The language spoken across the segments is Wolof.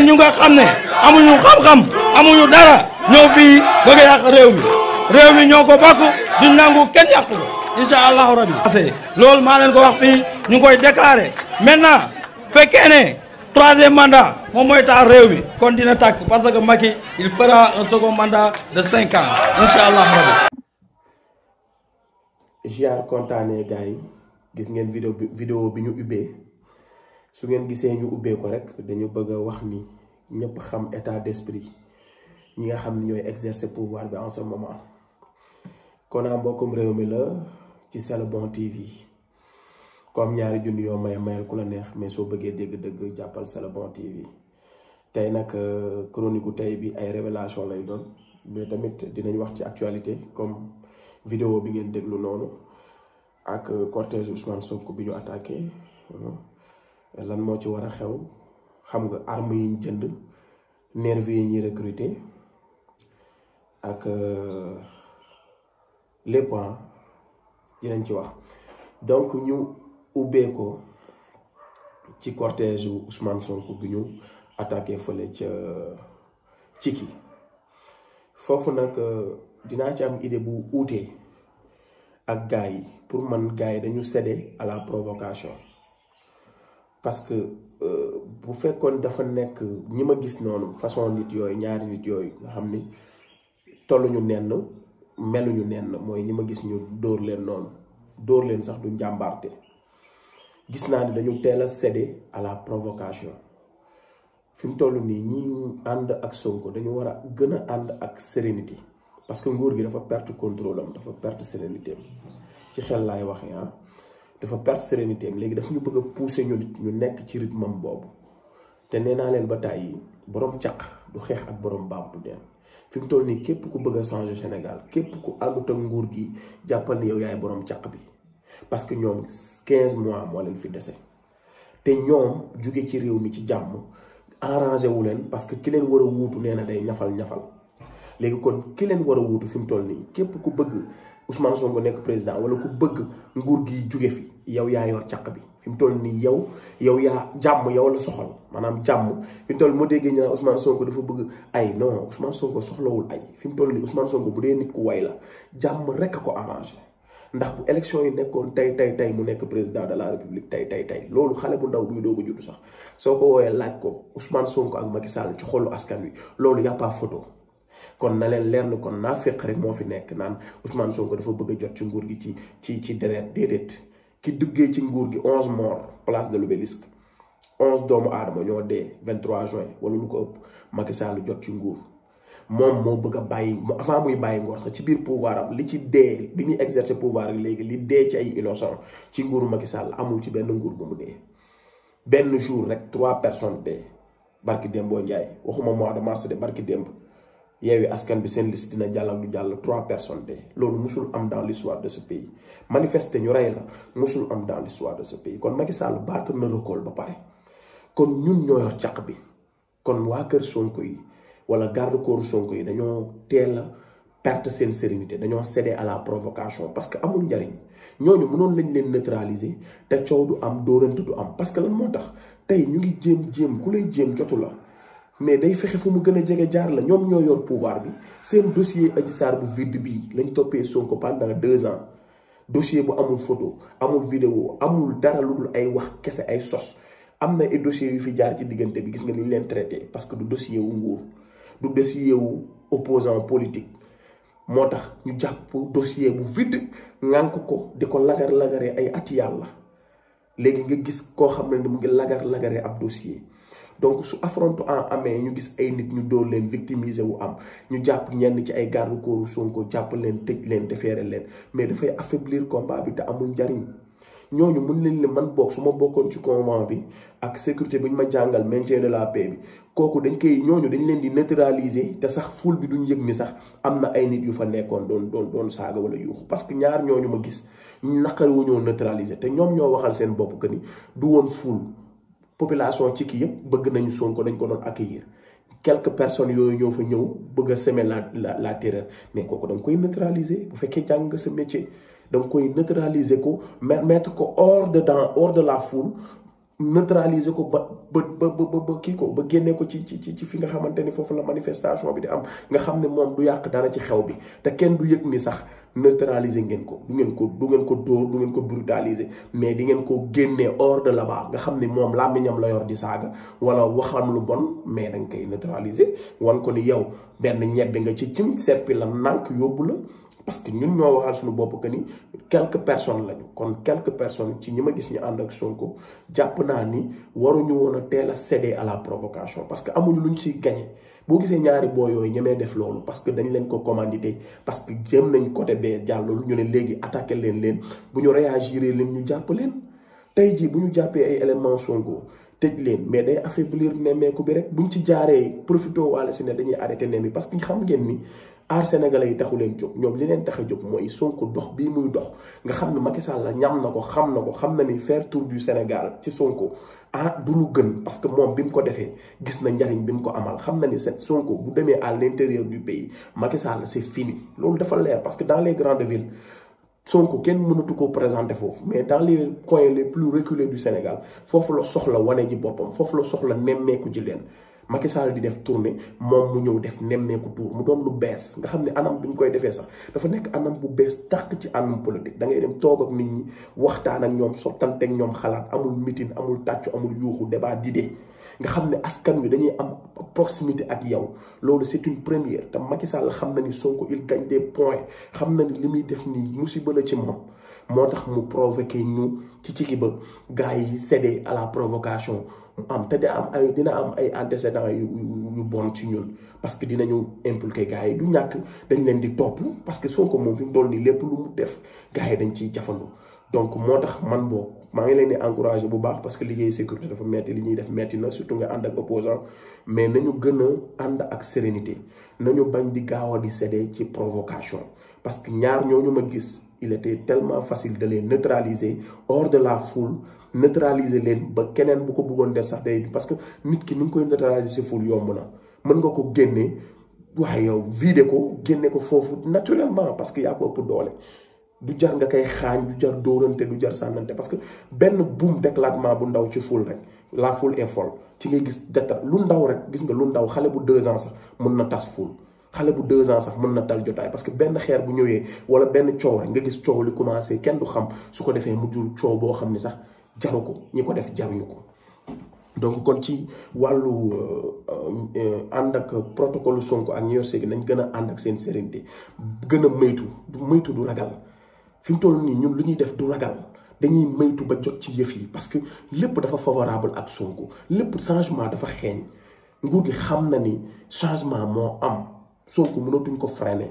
ñun ñu nga xam ne amuñu xam-xam amuñu dara ñoo fii bëgg a yàq réew mi réew mi ñoo ko bokk duñ nangu kenn yàq ko incha allahu rabi. loolu maa leen ko wax fii ñu ngi koy déclaré maintenant fekkee ne troisième mandat moom mooy taal réew mi kon dina tàkk parce que Macky il fera un second mandat de cinq ans incha allahu rabi. Giar kontaanee gars gis ngeen vidéo bi vidéo bi ñu ubbee. su ngeen gisee ñu ubbee ko rek dañu bëgg a wax ni ñëpp xam état d'esprit ñi nga xam ne ñooy exercer pouvoir bi en ce moment kon a mbokkum réew mi la ci C'est bon TV comme ñaari junni yoo may mayal ku la neex mais soo bëggee dégg-dëgg jàppal C'est bon TV tey nag euh, chronique gu tey bi ay révélation lay doon mais tamit dinañ wax ci actualité comme vidéo bi ngeen déglu noonu ak euh, cortège Ousmane Sonko bi ñu attaqué. Euh, lan moo ci war a xew xam nga arme yi jënd nervi ñi ñuy recruter ak euh, les points ah, dinañ ci wax donc ñu ubbee ko ci cortège Ousmane Sonko bi ñu attaqué fële ci euh, Cikki foofu nag euh, dinaa ci am idée bu uute ak gars yi pour man gars yi dañu cédé à la provocation parce que euh, bu fekkoon dafa nekk ñi ma gis noonu façon nit yooyu ñaari nit yooyu nga xam ni tollu tolluñu nenn meluñu nenn mooy ñi ma gis ñu dóor leen noonu dóor leen sax du njàmbarte gis naa ni dañu teel a cédé à la provocation fi mu toll nii ñi ànd ak Sonko dañu war a gën a ànd ak sérénité parce que nguur gi dafa perte contrôle am dafa perte sérénité ci xel laay waxee ah. dafa perte sérénité am léegi daf ñu bëgg a pousser ñu nit ñu nekk ci rythme boobu te nee naa leen ba tàyyi borom caq du xeex ak borom baabatu deen fi mu toll nii képp ku bëgg a changer képp ku àggut ak nguur gi jàppal ni yow yaay borom caq bi parce que ñoom 15 mois moo leen fi dese te ñoom jóge ci réew mi ci jàmm arrangé wu leen parce que ki leen war a nee na day ñafal ñafal léegi kon ki leen war a fi mu toll nii képp ku bëgg Ousmane Sonko nekk président wala ku bëgg nguur gi jóge fi. yow yaa yor caq bi fi mu toll nii yow yow yaa jàmm yow la soxal maanaam jàmm fi mu toll moo déggee ñu naan Ousmane dafa bëgg ay non Ousmane Sonko soxlawul ay fi mu toll nii Ousmane Sonko bu dee nit ku way la jàmm rek a ko arrangé ndax bu élection nekkoon tey tey tey mu nekk président de la république tey tey tey loolu xale bu ndaw buy doog a judd sax soo ko woowee laaj ko Ousmane Sonko ak Macky Sall ci askan wi loolu y'a pas kon na leen leer ni kon naa rek moo fi nekk naan Ousmane Sonko dafa bëgg a jot ci nguur gi ci ci ci deret déedéet ki duggee ci nguur gi onze morts place de l'Obélisque onze doomu aadama ñoo dee vingt trois juin wala lu ko ëpp Macky Sall jot ci nguur moom moo bëgg a bàyyi avant muy bàyyi ngor sax ci biir pouvoir am li ci dee bi muy exercer pouvoir léegi li dee ci ay innocent ci nguur Macky amul ci benn nguur bu mu dee benn jour rek trois personnes dee barki démboo Njaay waxuma mois de mars de barki démb yeewi askan bi seen liste dina jàll ak du jàll trois personnes de loolu mosul am dans l'histoire de ce pays manifester ñu rey la mosul am dans l'histoire de ce pays kon Macky baa battre na récolte ba pare kon ñun ñoo yor caq bi kon waa kër Sonko yi wala garde Sonko yi dañoo teel a perte seen sérénité dañoo céder à la provocation parce que amul njariñ ñoo ñu mënoon lañ leen neutraliser te coow du am dóorante du am parce que moo tax tey ñu ngi jéem jéem ku lay jotu la. mais day fexe fu mu gën a jege jaar la ñoom ñoo yor pouvoir bi seen dossier Adji Sarr bu vide bi lañ toppee Sonko pendant deux ans dossier bu amul photo amul vidéo amul dara lu dul ay wax kese ay sos am na ay dossiers yu fi jaar ci diggante bi gis nga ni ñu leen traité parce que du dossier wu nguur du dossier wu opposant politique moo tax ñu jàpp dossier bu vide ngànk ko di ko lagar lagaree ay ati yàlla léegi nga gis koo xam ne mu ngi lagar lagaree ab dossier. donc su affronte en amee ñu gis ay nit ñu dóor leen victimiser wu am ñu jàpp ñenn ci ay garde corps Sonko jàpp leen tëj leen defeere leen mais dafay affaiblir combat bi te amul njariñ ñooñu mun leen ne man bokk su ma bokkoon ci convent bi ak sécurité bi ma jàngal maintien de la paix kooku dañ koy ñooñu dañ leen di neutraliser te sax ful bi duñ yëg ni sax am na ay nit yu fa nekkoon doon doon doon saaga wala yuuxu parce que ñaar ñooñu ma gis naqari wu ñoo neutraliser te ñoom ñoo waxal seen bopp ko ni du woon ful population ci kii yëpp bëgg nañu Sonko dañ ko doon accueillir quelque personnes yooyu ñoo fa ñëw bëgg a semer la la la terreur mais kooku da koy neutraliser bu fekkee jàng nga sa métier da nga koy neutraliser ko mettre ko hors de dans hors de la foule neutraliser ko ba ba ba ba kii ko ba génnee ko ci ci ci fi nga xamante ni foofu la manifestation bi di am nga xam ne moom du yàq dara ci xew bi te kenn du yëg ni sax. neutraliser ngeen ko du ngeen ko du ngeen ko door du ngeen ko brutaliser mais di ngeen ko génnee hors de là-bas nga xam ni moom miñam la yor di saaga wala waxam lu bon mais dañ koy neutraliser wan ko ni yow benn ñebbe nga ci cim seppi la nank yóbbu la parce que ñun ñoo waxal suñu bopp que ni quelques personnes lañu kon quelques personnes ci ñi ma gis ñu ànd ak sonko japp naa ni waruñu woon a teel a céder à la provocation parce que amuñu luñ ciy gagner boo gisee ñaari boo yooyu ñame def loolu parce que dañ leen ko commandité parce que jëm nañ côté bé jàll loolu ñu né légui attaquer leen leen buñu ñu réagir leen ñu jàpp leen tay ji buñu jappé ay éléments songo tej leen mais day affaiblir némé ko bi rek buñ ci jaaree profito wala si ne dañuy arrêter nemmi parce que xam ngeen ni les sénégalais yi taxu djok ñom li leen tax Sonko dox bi muy dox nga Sall la ñam na xam na tour du Sénégal ci Sonko ah du lu gën parce que moom bim ko défé gis na njariñ bim ko amal na Sonko bu à l'intérieur du pays Macky Sall c'est fini lolu dafa parce que dans les grandes villes Sonko kenn mënatu ko présenter mais dans les coins les plus reculés du Sénégal fofu la soxla wané ji le fofu la soxla Macky Sall di def tourner mom mu def tour mu doon lu nga anam buñ koy defee sax dafa anam bu tak ci anam politique da ngay dem toog ak nit ñi waxtaan ak ñom ak amul meeting amul amul yuuxu débat didé nga xamni askan dañuy am proximité ak yow c'est une première te Macky Sall Sonko il gagne des points xam na ni def nous. musiba la ci mom nous mu ñu ci cédé à la provocation am te di am ay dina am ay antécédents yu yu bon ci ñun parce que dinañu impliquer gaay du ñak dañ leen di top parce que Sonko mom fi mu toll nii lu mu def gaay dañ ci jafandu donc motax man bo ma ngi leen di encourager bu baax parce que liguey sécurité dafa metti li ñuy def metti na surtout nga and ak opposant mais nañu gëna and ak sérénité nañu bañ di gaaw di cédé ci provocation parce que ñaar ñooñu ma gis il était tellement facile de les neutraliser hors de la foule neutraliser leen ba keneen bu ko bëggoon def sax day parce que nit ki ni nga koy neutraliser ful yomb na mën nga ko génne waaye yow vide ko génne ko foofu naturellement parce que yaa ko ëpp doole du jar nga koy xaañ du jar dóorante du jar sànnante parce que benn buum d'éclatement bu ndaw ci ful rek la ful est fol ci ngay gis deta lu ndaw rek gis nga lu ndaw xale bu deux ans sax mën na tas ful xale bu deux ans sax mën na tal jotaay parce que benn xeer bu ñëwee wala benn coow rek nga gis coow li commencé kenn du xam su ko defee mu jur coow boo xam ni sax ko def ko donc kon ci walu euh, euh, protocole Sonko ak nañ a seen sérénité gëna meytu du ragal fim ñun def du ragal dañuy parce que lépp dafa favorable à Sonko lépp changement dafa xeeñ nguur gi xam na ni changement moo am Sonko mënatuñ ko freiner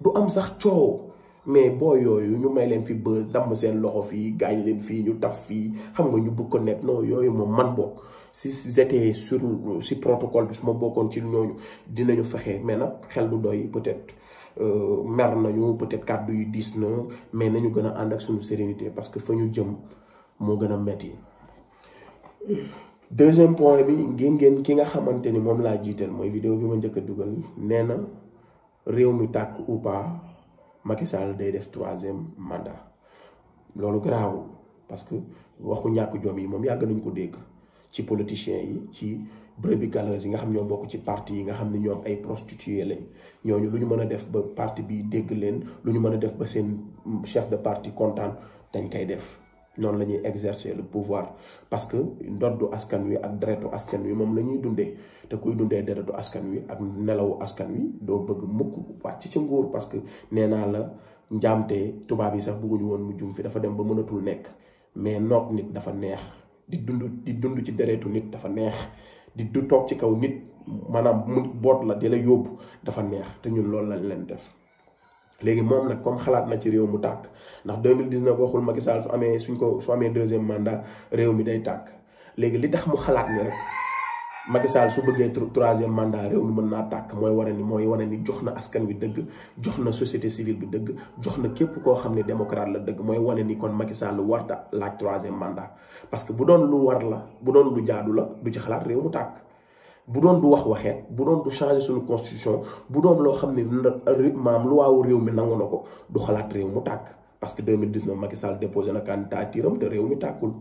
du am sax coow mais boo yooyu ñu may leen fi bës damm seen loxo fii gaañ leen fii ñu taf fii xam nga ñu bëgg ko nekk non yooyu moom man bokk si j'étais sur si protocole bi su bokkoon ci ñooñu dinañu fexe mais nag xel du doy peut-être euh, mer nañu peut-être kàddu yu diis na mais nañu gën a ànd ak suñu sérénité parce que fa ñu jëm moo gën a metti deuxième point bi ngeen ngeen ki nga xamante ni moom laa jiital mooy vidéo bi ma njëkk a dugal nee na réew mi tàkk ou pas Macky Sall day def troisième mandat loolu garaawul parce que waxu ñàkk jom yi moom yàgg nañ ko dégg ci politiciens yi ci brebis galeuses yi nga xam ñoo bokk ci parti yi nga xam ne ñoom ay prostituées lañ ñooñu lu ñu mën a def ba parti bii dégg leen lu ñu mën a def ba seen chef de parti kontaan dañ koy def. non lañuy exercer le pouvoir parce que ndoddu askan wi ak deretu askan wi mom lañuy dundé té kuy dundé deretu askan wi ak nelawu askan wi do bëgg mukk wacc ci nguur parce que néna njamte la njaamte tuba bi sax bëgguñu won mu jum fi dafa dem ba mënatul nekk mais n'ok nit dafa neex di dund di dund ci deretu nit dafa neex di du tok ci kaw nit manam mu la di la dafa neex té ñun loolu lañ leen def léegi moom nag comme xalaat na ci réew mu tàkk ndax 2019 waxul Macky Sall su amee suñ ko su amee deuxième mandat réew mi day tàkk léegi li tax mu xalaat ni rek Macky Sall su bëggee troisième mandat réew mi mën naa tàkk mooy wane ni mooy wane ni jox na askan wi dëgg jox na société civile bi dëgg jox na képp koo xam ne démocrate la dëgg mooy wane ni kon Macky Sall warta laaj troisième mandat parce que bu doon lu war la bu doon lu jaadu la du ci xalaat réew mu tàkk bu doon du wax waxeet bu doon du changer suñu constitution bu doon loo xam ne maam lu waawu mi nangono ko du xalat rew mu tak parce que 2019 Macky Sall déposer na candidature am te réew mi takul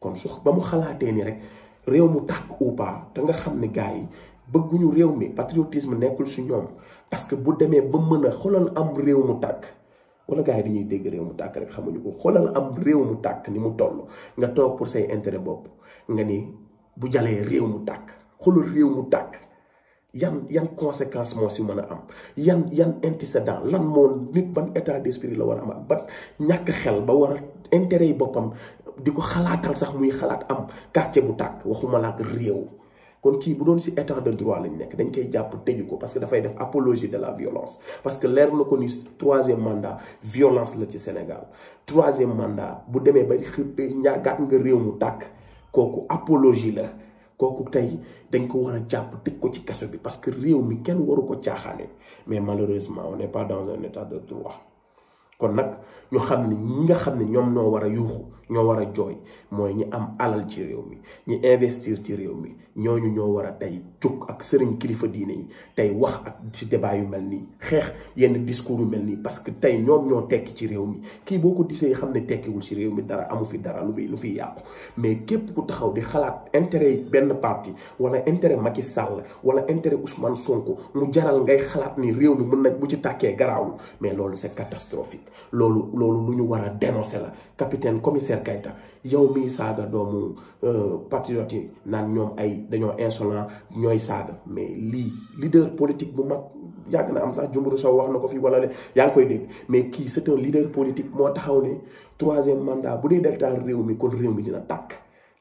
kon su ba mu xalaté ni rek rew mu tak ou pas da nga xamni ne bëgguñu rew mi patriotisme nekkul su ñom parce que bu démé ba mëna xolal am rew mu tak wala gaay yi dañuy dégg rew mu tak rek xamuñu ko xolal am rew mu tak ni mu toll nga tok pour say intérêt bop nga ni bu jalé rew mu tak xoolal réew mu tàkk yan yan conséquence moo si mën a am yan yan antécédent lan moo nit ban état d'esprit la war a am ak ban ñàkk xel ba war a intérêt yi boppam di ko xalaatal sax muy xalaat am quartier bu tàkk waxuma la ak réew kon kii bu doon si état de droit lañ nekk dañ koy jàpp tëju ko parce que dafay def apologie de la violence parce que leer na ko ni troisième mandat violence la ci Sénégal troisième mandat bu demee ba xëy ñaagaat nga réew mu tàkk kooku apologie la kooku tey dañ ko war a jàpp tëj ko ci kaso bi parce que réew mi kenn waru ko caaxaane mais malheureusement on n'est pas dans un état de droit kon nag ñu xam ne ñi nga xam ne ñoom noo war a yuuxu ñoo war a jooy mooy ñi am alal ci réew mi ñi investir ci réew mi ñooñu ñoo war a tey jóg ak sëriñ kilifa diine yi tey wax ak ci débat yu mel nii xeex yenn discours yu mel nii parce que tey ñoom ñoo tekki ci réew mi kii boo ko disee xam ne tekkiwul ci réew mi dara amu fi dara lu fi lu fi yàqu mais képp ku taxaw di xalaat intérêt yi benn parti wala intérêt Macky Sall wala intérêt Ousmane Sonko mu jaral ngay xalaat ni réew mi mën nag bu ci tàkkee garaaw mais loolu c'est catastrophique loolu loolu lu ñu war a dénoncer la capitaine commissaire Assane Kayta yow miy saaga doomu euh, patriote yi naan ñoom ay dañoo insolent ñooy saaga mais lii leader politique bu mag yàgg na am sax Jumburu Sow wax na ko fii wala yaa ngi koy dégg mais kii c'est un leader politique moo taxaw ne troisième mandat bu dee deltaal réew mi kon réew mi dina tàkk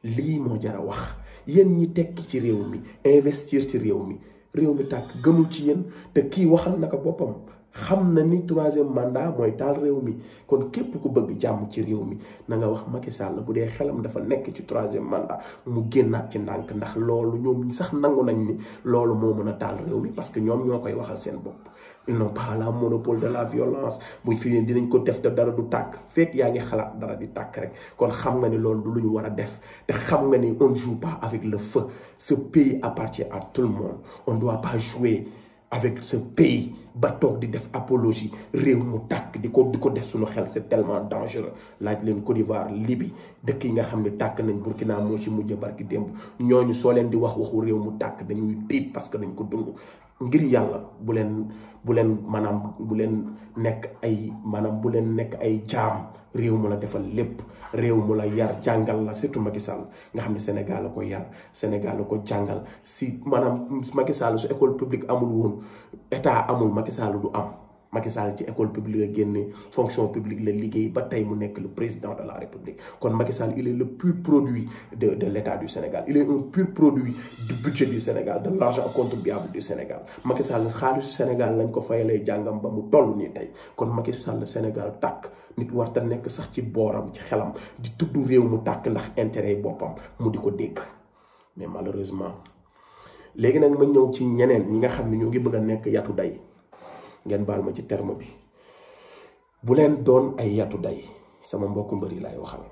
lii moo jar a wax yéen ñi tekki ci réew mi investir ci réew mi réew mi tàkk gëmul ci yéen te kii waxal naka boppam xam na ni troisième mandat mooy taal réew mi kon képp ku bëgg jàmm ci réew mi na nga wax Macky Sall bu dee xelam dafa nekk ci troisième mandat mu génnaat ci ndànk ndax loolu ñoom ñi sax nangu nañ ni loolu moo mën a taal réew mi parce que ñoom ñoo koy waxal seen bopp ils n'ont pas la monopole de la violence buñ fi ne dinañ ko def te dara du tàkk fekk yaa ngi xalaat dara di tàkk rek kon xam nga ni loolu du lu ñu war a def te xam nga ni on joue pas avec le feu ce pays appartient à tout le monde on doit pas jouer avec ce pays ba de di def apologie réew mu tàkk les gens. qui c'est tellement dangereux La leen Côte d'Ivoire Libye nga tak Burkina moo ci barki Demb. ñooñu soo leen di wax parce que bu leen maanaam bu leen nekk ay maanaam bu leen nekk ay jaam réew mu la defal lépp réew mu la yar jàngal la surtout Macky Sall nga xam ne Sénégal la ko yar Sénégal la ko jàngal si maanaam Macky Sall su école publique amul woon état amul Macky Sall du am. Macky Sall ci école publique la fonction publique la liguey ba tay mu nek le président de la république kon Macky Sall il est le plus produit de de l'état du Sénégal il est un pur produit du budget du Sénégal de l'argent contribuable du Sénégal Macky Sall du Sénégal lañ ko fayalé jangam ba mu toll ni tay kon Macky Sall Sénégal tak nit war ta nek sax ci boram ci xelam di tuddu rew mu tak ndax intérêt yi mu diko ko dégg mais malheureusement légui nak ma ñëw ci ñeneen ñi nga xamni ne ñu ngi bëgg a yatu day. ngeen baal ma ci terme bi bu leen doon ay yatu day sama mbokku mbër yi laay waxal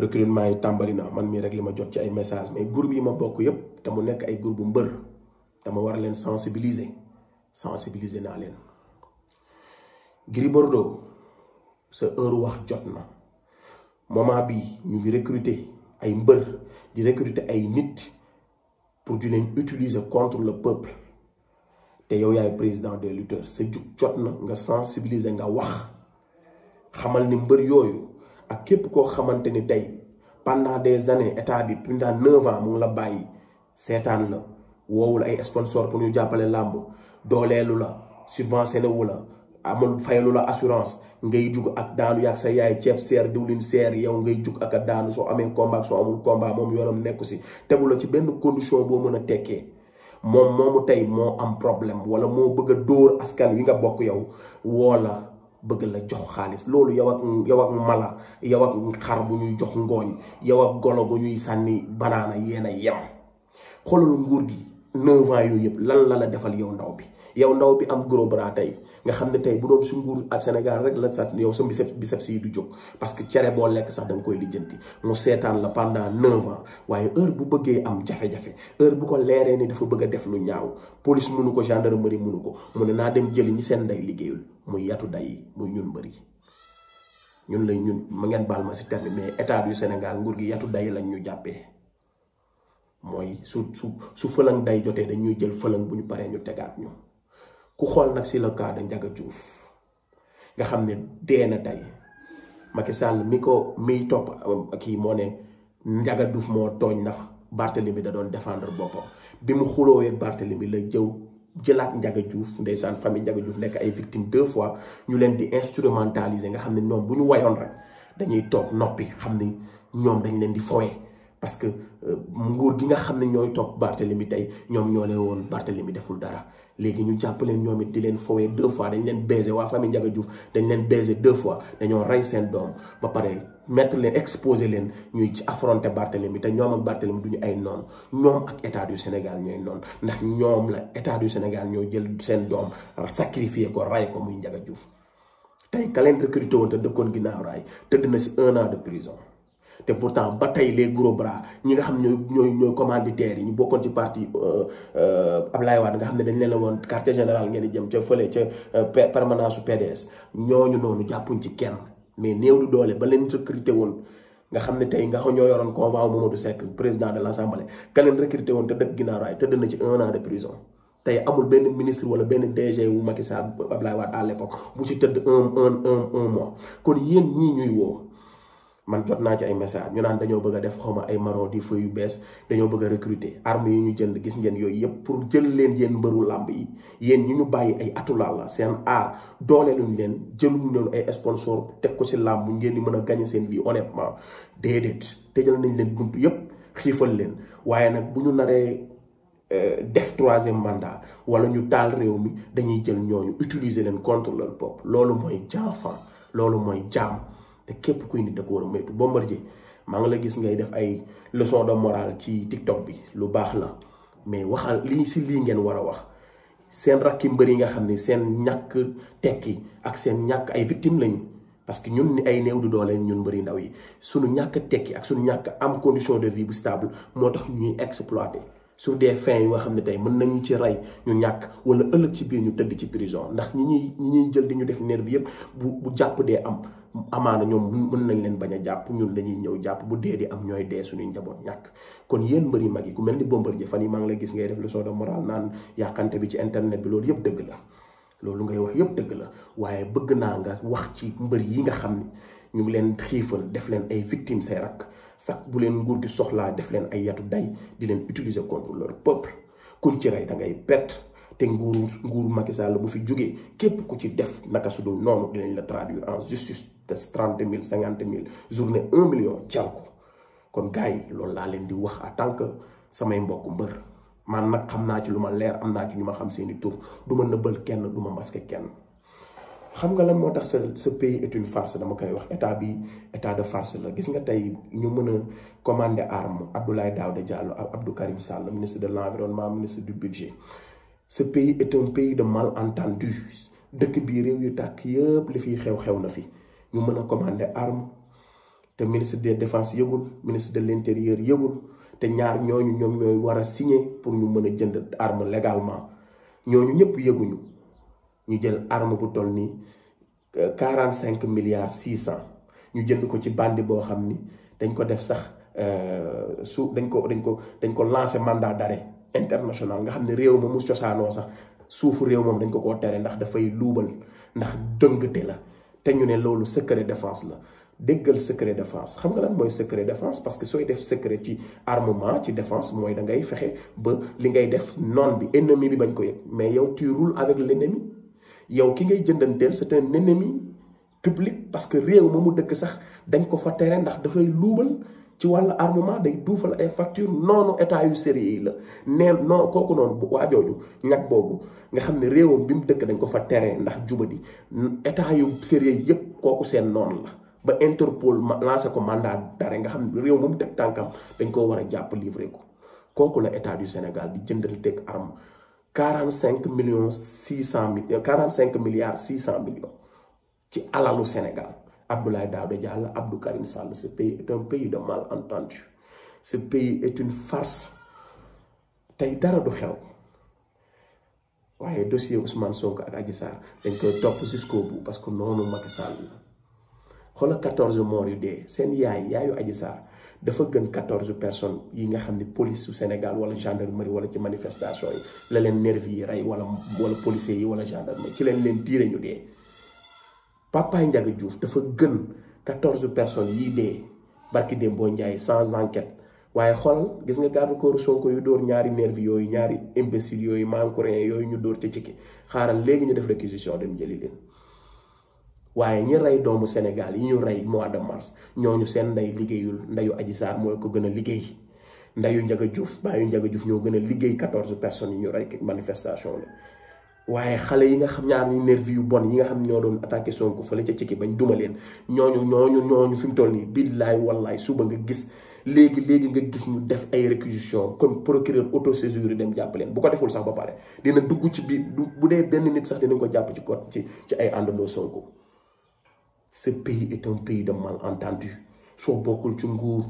recrutement yi tàmbali na man mii rek li ma jot ci ay message mais groupe yi ma bokk yépp te mu nekk ay groupe bu mbër te ma war leen sensibiliser sensibiliser naa leen Gris Bordeaux sa heure wax jot na moment bi ñu ngi recruter ay mbër di recruter ay nit pour dinañ utiliser contre le peuple te yow yaay président des lutteurs sa jug jot na nga sensibiliser nga wax xamal ni mbër yooyu ak képp koo xamante ni tey pendant des années état bi pendant neuf ans mu ngi la bàyyi seetaan la woowul ay sponsor pour ñu jàppale làmb dooleelu la subventionné wu la amul fayalu la assurance ngay jug ak daanu yàgg sa yaay ceeb seer diwlin seer yow ngay jug ak a daanu soo amee combat soo amul combat moom yoonam nekku si tegu la ci benn condition boo mën a tekkee moom moomu tey moo am problème wala moo bëgg a dóor askan wi nga bokk yow woola bëgg la jox xaalis loolu yow yow ak mala yow xar bu ñuy jox ngooñ yow golo bu ñuy sànni banaana yéen a yem xoolal nguur gi neuf ans yooyu yëpp lan la la defal yow ndaw bi yow ndaw bi am gros bras tey nga xam ne tey bu doon su nguur Sénégal rek la sat yow sa biceps biceps yi du jóg parce que cere boo lekk sax da koy lijjanti mu seetaan la pendant neuf ans waaye heure bu bëggee am jafe-jafe heure bu ko leeree ni dafa bëgg a def lu ñaaw police mënu ko gendarmerie mënu ko mu ne naa dem jël ñi seen ndey liggéeyul muy yatu day yi muy ñun mbër ñun lay ñun ma ngeen baal ma si terme mais état du Sénégal nguur gi yatu day lañ ñu jàppee mooy su su su day jotee dañuy jël fëlan bu ñu paree ñu tegaat ñu ku xool nag si le cas njaga Ndiaga nga xam ne dee na tey Macky Sall mi ko miy topp euh, kii moo ne Ndiaga Diouf moo tooñ ndax Barthélemy da doon défendre boppam bi mu xuloowee Barthélemy la jëw jëlaat Ndiaga Diouf ndeysaan famille Ndiaga Diouf nekk ay victimes deux fois ñu leen di instrumentaliser nga xam ne ñoom bu ñu wayoon rek dañuy toog noppi xam ni ñoom dañ leen di fowe parce que euh, nguur gi nga xam ne ñooy topp Barthélemy tey ñoom ñoo leen woon Barthélemy deful dara léegi ñu jàpp leen ñoom it di leen fowee deux fois dañ leen baiser waa famille Ndiaga dañ leen baiser deux fois dañoo rey seen doom ba pare mettre leen exposer leen ñuy ci affronter Barthélemy te ñoom ak Barthélemy du ñu ay noonu ñoom ak état du Sénégal ñooy noonu ndax ñoom la état du Sénégal ñoo jël seen doom sacrifier ko rey ko muy Ndiaga Diouf tey ka leen recruté woon te dëkkoon ginnaaw raay tëdd na si un an de prison. te pourtant ba tey les gros bras ñi nga xam ñooy ñooy ñooy commanditaires yi ñu bokkoon ci parti euh, euh, Ablaye Wade nga xam ne dañ leen a woon quartier général ngeen di jëm ca fële ca euh, permanence u PDS ñooñu noonu jàppuñ ci kenn mais néew du doole ba leen recruté woon nga xam ne tey nga xam ñoo yoroon convoi du Seck président de l' assemblée ka leen recruté woon te dëkk ginnaaw raay tëdd na ci un an de prison tey amul benn ministre wala benn DG wu Macky Sall Ablaye l' bu ci tëdd un un un man jot naa ci ay message ñu naan dañoo bëgg a def xawma ay marodi feu yu bees dañoo bëgg a recruter armes yi ñu jënd gis ngeen yooyu yëpp pour jël leen yéen mbëru làmb yi yéen ñu ñu bàyyi ay atulaal la seen aar dooleeluñ leen jëluñ leen ay sponsor teg ko ci làmb ngeen di mën a gañ seen vie honnêtement déedéet tëjal nañ leen bunt yëpp xiifal leen waaye nag bu ñu naree euh, def troisième mandat wala ñu taal réew mi dañuy jël ñooñu utiliser leen contre leur peuple loolu mooy jaafan loolu mooy jaam te képp kuy nit da ko war a moytu maa ngi la gis ngay def ay leçon de morale ci TikTok bi lu baax la mais waxal lii si lii ngeen war a wax seen rakki mbër yi nga xam ne seen ñàkk tekki ak seen ñàkk ay victime lañ parce que ñun ay néew du doole ñun mbëri ndaw yi suñu ñàkk tekki ak suñu ñàkk am condition de vie bu stable moo tax ñuy exploité sur des fins yoo xam ne tey mën nañu ci rey ñu ñàkk wala ëllëg ci biir ñu tëdd ci prison ndax ñi ñuy ñi ñuy jël di ñu def nervi yëpp bu bu jàpp dee am amana ñom mën nañ leen baña japp ñun dañuy ñew japp bu dé di am ñoy dé suñu njabot ñak kon yeen mbëri magi ku melni ni je fani ma ngi lay gis ngay def le de moral nan yakante bi ci internet bi lool yëpp dëgg la loolu ngay wax yëpp dëgg la waye bëgg na nga wax ci mbër yi nga xamni ni ñu ngi leen xifal def leen ay victimes say rak sax bu leen nguur gi soxla def leen ay yatu day di leen utiliser contre leur peuple kuñ ci ray da ngay pet té nguur nguur Macky Sall bu fi jógee képp ku ci def naka su nonu dinañ la traduire en justice def trente mille cinquante mille journée un million jal kon gars yi loolu laa leen di wax en tant que samay mbokk mbër man nag xam naa ci lu ma leer am naa ci ñu ma xam seeni tur du ma nëbbal kenn du ma masqué kenn xam nga lan moo tax sa ce pays est une farce dama koy wax état bi état de farce la gis nga tey ñu mën a commandé arme Abdoulaye Daouda Diallo Abdou Karim Sall ministre de l' environnement ministre du budget ce pays est un pays de malentendu dëkk bii réew yu tàkk yëpp li fiy xew-xew na fi ñu mën a commander arme te ministre des défense yëgul ministre de l' intérieur yëgul te ñaar ñooñu ñoom ñooy war a signer pour ñu mën a jënd arme légalement ñooñu ñëpp yëguñu ñu jël arme bu toll nii quarante cinq milliards six cent ñu jënd ko ci bandi boo xam ni dañ ko def sax euh, su dañ ko dañ ko dañ ko lancé mandat d'arrêt international nga xam ne réew ma mu cosaanoo sax suufu réew moom dañ ko koo tere ndax dafay luubal ndax dëngte la té ñu né loolu secret défense la déggal secret défense xam nga lan moy secret défense parce que soy def secret ci armement ci défense moy da ngay fexé ba li ngay def non bi ennemi bi bañ ko yëg mais yow tu roules avec l'ennemi. yow ki ngay jëndanteel c'est un ennemi public parce que réew ma mu dëkk sax dañ ko fa tere ndax fay loubal ci wàllu armement day duufal ay facture noonu état yu sérieux la neen non kooku noonu bu waa jooju ñag boobu nga xam ne réewam bi mu dëkk dañ ko fa tere ndax jubadi état yu sérieux yëpp kooku seen noonu la ba Interpol lancé ko mandat d'arrêt nga xam ne réew mu teg tànkam dañ koo war a jàpp livré ko kooku la état yu Sénégal di jëndal teg arme quarante cinq millions six cent mille quarante cinq milliards six cent millions ci alalu Sénégal Abdoulaye Daouda Diallo, Abdou Karim Sall, ce pays est un pays de malentendu. Ce pays est une farce. Tay dara du xew Waye dossier Ousmane Sonko ak Adji Sarr dañ ko top jusqu'au bout parce que noonu Macky Sall la 14 morts yu dee seen yaay yaayu Adji Sarr dafa gën 14 personnes yi nga xamni ne police du Sénégal wala gendarmerie wala ci manifestation yi la leen nervi yi ray wala wala policiers yi wala gendarmerie ci leen leen tiré ñu dé. Papaye Ndiaga juuf dafa gën quatorze personnes yii dee barki boo Ndiaye sans enquête waaye xoolal gis nga garde corps Sonko yu dóor ñaari nervi yooyu ñaari imbécile yooyu mancoréen yooyu ñu dóor ca cikki xaaral léegi ñu def réquisition dem jëli leen waaye ñi rey doomu Sénégal yi ñu rey mois de mars ñu seen ndey liggéeyul ndeyu aji Sarr mooy ko gën a liggéey ndeyu Ndiaga Diouf yu Ndiaga Diouf ñoo gën a liggéey quatorze personnes yi ñu rey manifestation la waaye xale yi nga xam ñaar ñu nervi yu bon ñi nga xam ñoo doon attaqué Sonko fële ca Cikki bañ duma leen ñooñu ñooñu ñooñu mu toll nii billaay wallaay suba nga gis léegi léegi nga gis ñu def ay réquisition kon procureur auto-saisine yi dem jàpp leen bu ko deful sax ba pare dina dugg ci biir bu dee benn nit sax dinañ ko jàpp ci ko ci ci ay àndandoo Sonko ce pays est un pays de malentendu soo bokkul ci nguur.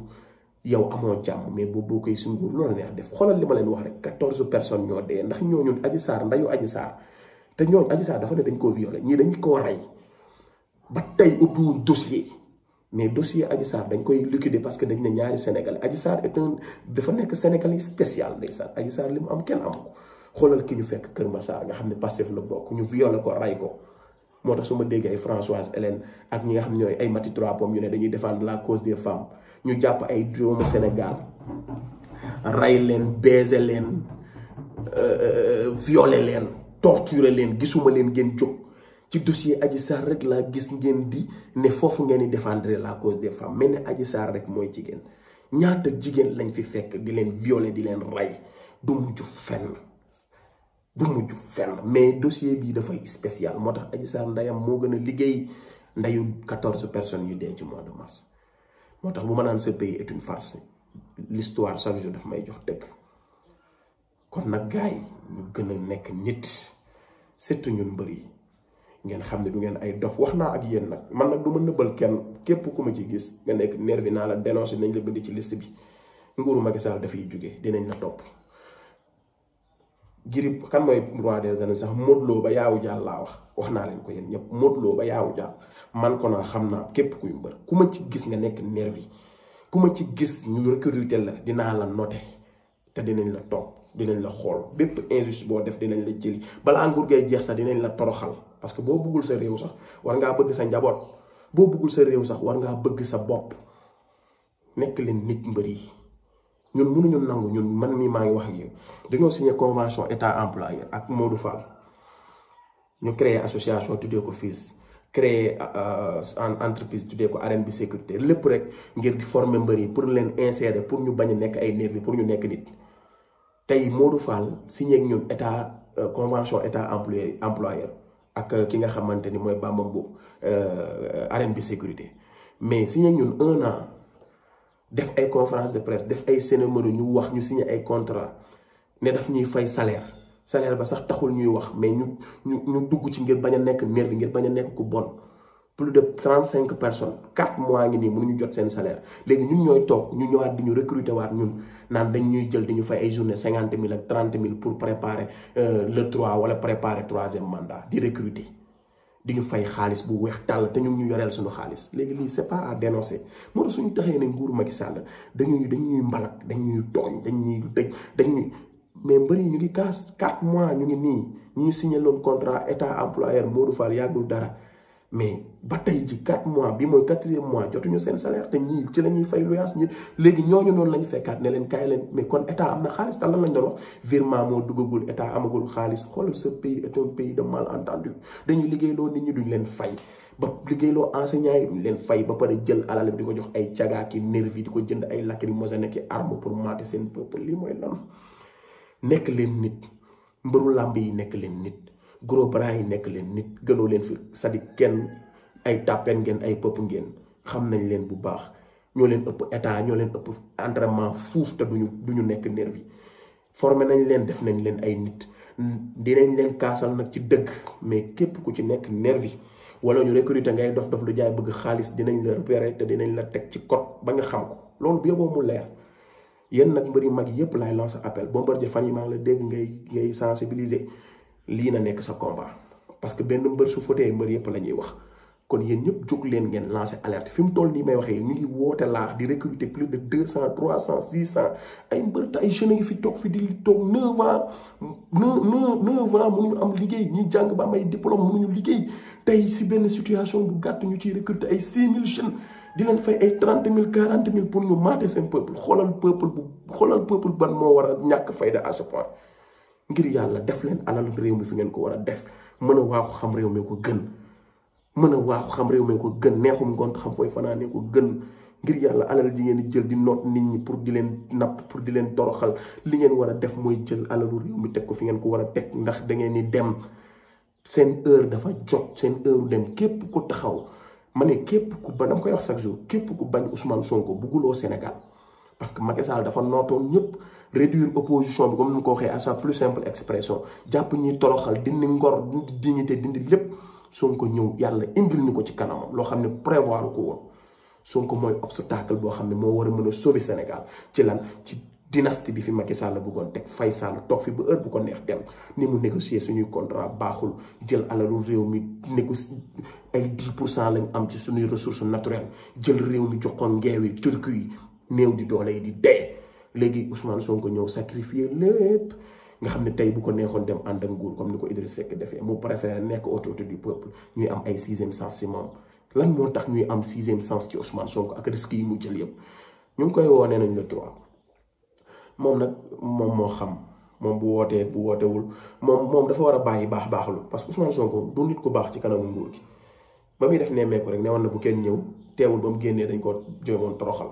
yow amoo jàmm mais boo boo koy suñu nguur loolu neex def xoolal li ma leen wax rek quatorze personnes ñoo dee ndax ñooñu Adji Sarr ndayu Adji Sarr te ñooñu Adji Sarr dafa ne dañ koo violé ñii dañ koo rey ba tey ubbiwuñ dossier mais dossier Adji Sarr dañ koy liquider parce que dañ ne ñaari Sénégal Adji Sarr est dafa nekk Sénégalais spécial ndeysaan Adji Sarr li mu am kenn am ko xoolal ki ñu fekk Kër Massar nga xam ne Pastef la bokk ñu violé ko rey ko moo tax su ma déggee ay Françoise Hélène ak ñi nga xam ñooy ay Mati Trois Pommes ñu ne dañuy defaan la cause des femmes ñu jàpp ay doomu Sénégal rey leen baiser leen euh, euh, violer leen torturer leen gisuma leen ngeen jóg ci dossier Adji Sarr rek laa gis ngeen di ne foofu ngeen di défendre la cause des femmes mais ne Adji rek mooy jigéen ñaata jigéen lañ fi fekk di leen violer di leen rey du mujj fenn du mujj fenn mais dossier bi dafay spécial moo tax Adji Sarr ndeyam moo gën a liggéey ndeyu 14 personnes yu dee ci mois de mars moo tax bu ma naan ce pays est une farce l'histoire chaque jour daf may jox dëgg kon nag gars yi ñu gën a nekk nit surtout ñun mbër yi ngeen xam ne du ngeen ay dof wax naa ak yéen nag man nag du ma nëbbal kenn képp ku ma ci gis nga nekk nervi naa la dénoncé nañ la bënd ci list bi nguuru Macky Sall dafay jóge dinañ la topp giri kan mooy roi des années sax Modou ba yaawu jaal laa wax wax naa leen ko yéen ñëpp Modou Lo ba yaawu jaal man ko naa xam naa képp kuy mbër ku ma ci gis nga nekk nervi ku ma ci gis ñu recruter la dinaa la noté te dinañ la topp dinañ la xool bépp injuste boo def dinañ la jëli balaa nguur gay jeex sax dinañ la toroxal parce que boo bëggul sa réew sax war ngaa bëgg sa njaboot boo bëggul sa réew sax war ngaa bëgg sa bopp nekk leen nit mbër yi ñun mënu ñu nangu ñun man mi maa ngi wax ak yow dañoo signé convention état employeur ak Modou Fall ñu créé association tuddee ko FILS créé euh, en entreprise tuddee ko arène bi sécurité lépp rek ngir di former mbër yi pour leen insérer pour ñu bañ a nekk ay nervi pour ñu nekk nit tey Modou Fall signé ak ñun état euh, convention état employé employeur ak euh, ki nga xamante ni mooy Bamba Mbow arène bi sécurité mais signé ak ñun un an. Nous ay conférence de presse des ay signé ay contrat nous daf ñuy un salaire salaire ba sax taxul ñuy mais ñu ñu ñu dugg ci ngir nervi ngir bon plus de 35 personnes 4 mois ngi nous mënuñu jot salaire nous avons fait un ñu nous avons ñu recruter waat nous, naan dañ ñuy cinquante trente pour préparer euh, le 3 wala préparer troisième mandat de recruter. di fay xaalis bu weex tàll te ñu ñu yoreel suñu xaalis léegi lii c'est pas à dénoncer moo tax suñu taxee ne nguur Macky Sall dañuy dañuy mbalak dañuy tooñ dañuy tëj dañuy mais mbëri ñu ngi kaas quatre mois ñu ngi nii ñu signé loon contrat état employeur Modou Fall yàggul dara mais ba tey ji quatre mois bi mooy quatrième mois jotuñu seen salaire te ñii ci la ñuy fay luyaas ñi léegi ñooñu noonu lañu fekkaat ne leen kaay leen mais kon état am na xaalis te lan lañ doon wax virement moo duggagul état amagul xaalis xool ce pays est un pays de malentendu dañu liggéeyloo nit ñi duñ leen fay ba liggéeyloo enseignants yi duñ leen fay ba pare jël alale bi di ko jox ay cagaa ki nervi di ko jënd ay lacrymogène ki arme pour mater seen peuple lii mooy lan nekk leen nit mbëru làmb yi nekk leen nit gros bras yi nekk leen nit gënoo leen fi cest à kenn ay tàppeen ngeen ay pëpp ngeen xam nañ leen bu baax ñoo leen ëpp état ñoo leen ëpp entraînement fuuf te duñu ñu nekk nervi formé nañ leen def nañ leen ay nit dinañ leen kaasal nag ci dëgg mais képp ku ci nekk nervi wala ñu recruter ngay dof dof lu jaay bëgg xaalis dinañ la repérer te dinañ la teg ci code ba nga xam ko loolu bi yóbboo mu leer yéen nag mbëri mag yépp laay lancer appel Bombardier fan yi maa ngi dégg ngay ngay sensibiliser lii na nekk sa combat parce que benn mbër su fotee mbër yëpp la ñuy wax kon yéen ñëpp jóg leen ngeen lancer alerte fi mu toll nii may waxee ñu ngi woote laax di recruter plus de deux cent trois cent six cent ay mbër ay jeunes ngi fi toog fi di toog neuf ans neuf neuf am liggéey ñi jàng ba am ay diplôme ñu liggéey tey si benn situation bu gàtt ñu ciy recruter ay six mille jeunes di leen fay ay trente mille quarante mille pour ñu maate seen peuple xoolal peuple bu xoolal peuple moo war a ñàkk fayda à ce ngir yàlla def leen alal réew mi fi ngeen ko war a def mën a waa xam réew mi ko gën mën a waaxu xam réew mi ko gën neexum ngont xam fooy fanaanee ko gën ngir yàlla alal ji ngeen di jël di noot nit ñi pour di leen napp pour di leen toroxal li ngeen war a def mooy jël alalu réew mi teg ko fi ngeen ko war a teg ndax dangeen ni dem seen heure dafa jot seen heure dem képp ku taxaw ma ne képp ku ba dama koy wax chaque jour képp ku bañ Ousmane Sonko bugguloo Sénégal parce que Macky Sall réduire opposition bi comme ni mu ko waxee à sa plus simple expression jàpp ñuy toroxal dindi ngor dindi dignité dindi lépp Sonko ñëw yàlla indil ñu ko ci kanamam loo xam ne prévoir ko woon Sonko mooy obstacle boo xam ne moo war a mën a sauver Sénégal ci lan ci dynastie bi fi Macky la buggoon teg fay Sall toog fi ba heure bu ko neex dem ni mu négocier suñuy contrat baaxul jël alalu réew mi négocier ay 10 pour cent lañ am ci suñuy ressources naturelles jël réew mi yi turki yi néew di doole yi di dee. léegi Ousmane Sonko ñëw sacrifier lépp nga xam ne tey bu ko neexoon dem ànd ak nguur comme ni ko Idriss Seck defee mu préféré nekk autorité du peuple ñuy am ay sixième sens si moom lan moo tax ñuy am sixième sens ci Ousmane Sonko ak risques yi mu jël yëpp ñu ngi koy woo nee nañ le trois moom nag moom moo xam moom bu wootee bu wootewul moom moom dafa war a bàyyi baax baaxlu parce que Ousmane Sonko du nit ku baax ci kanamu nguur gi ba muy def nemmeeku rek ne woon na bu kenn ñëw teewul ba mu génnee dañ ko jooy moon toroxal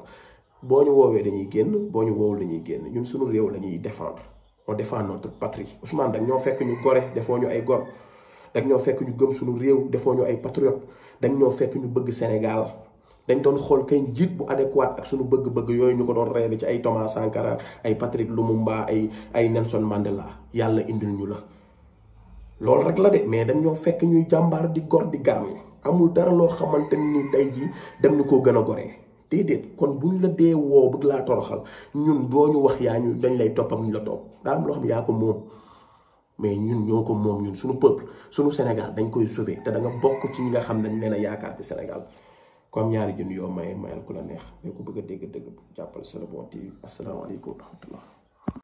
boo ñu woowee dañuy genn boo ñu woowul dañuy genn ñun suñu réew lañuy défendre on défend notre patrie Ousmane dañ ñoo fekk ñu goré defoo ñu ay gor dañ ñoo fekk ñu gëm suñu réew defoo ñu ay patriote dañ ñoo fekk ñu bëgg Sénégal dañ doon xol kay njit bu adéquat ak suñu bëgg-bëgg yoy ñu ko doon reebe ci ay Thomas Sankara ay Patrick Lumumba ay ay Nelson Mandela yalla indil ñu la lool rek la dé mais dañ ñoo fekk ñuy jambar di gor di gam amul dara lo xamanteni tay ji dem ñu koo gën a déedéet kon bu ñu la dee woo bu laa toroxal ñun doo ñu wax yaa ñu dañ lay toppam ñu la topp daa am loo xam yaa ko moom mais ñun ñoo ko moom ñun suñu pëpp suñu Sénégal dañ koy sauver te da bokk ci ñi nga xam ne dañ leen a yaakaar ci Sénégal comme ñaari junni yoo maye mayal ku la neex mais ku bëgg a dégg dëgg jàppal C'est le Bon TV asalaamaaleykum wa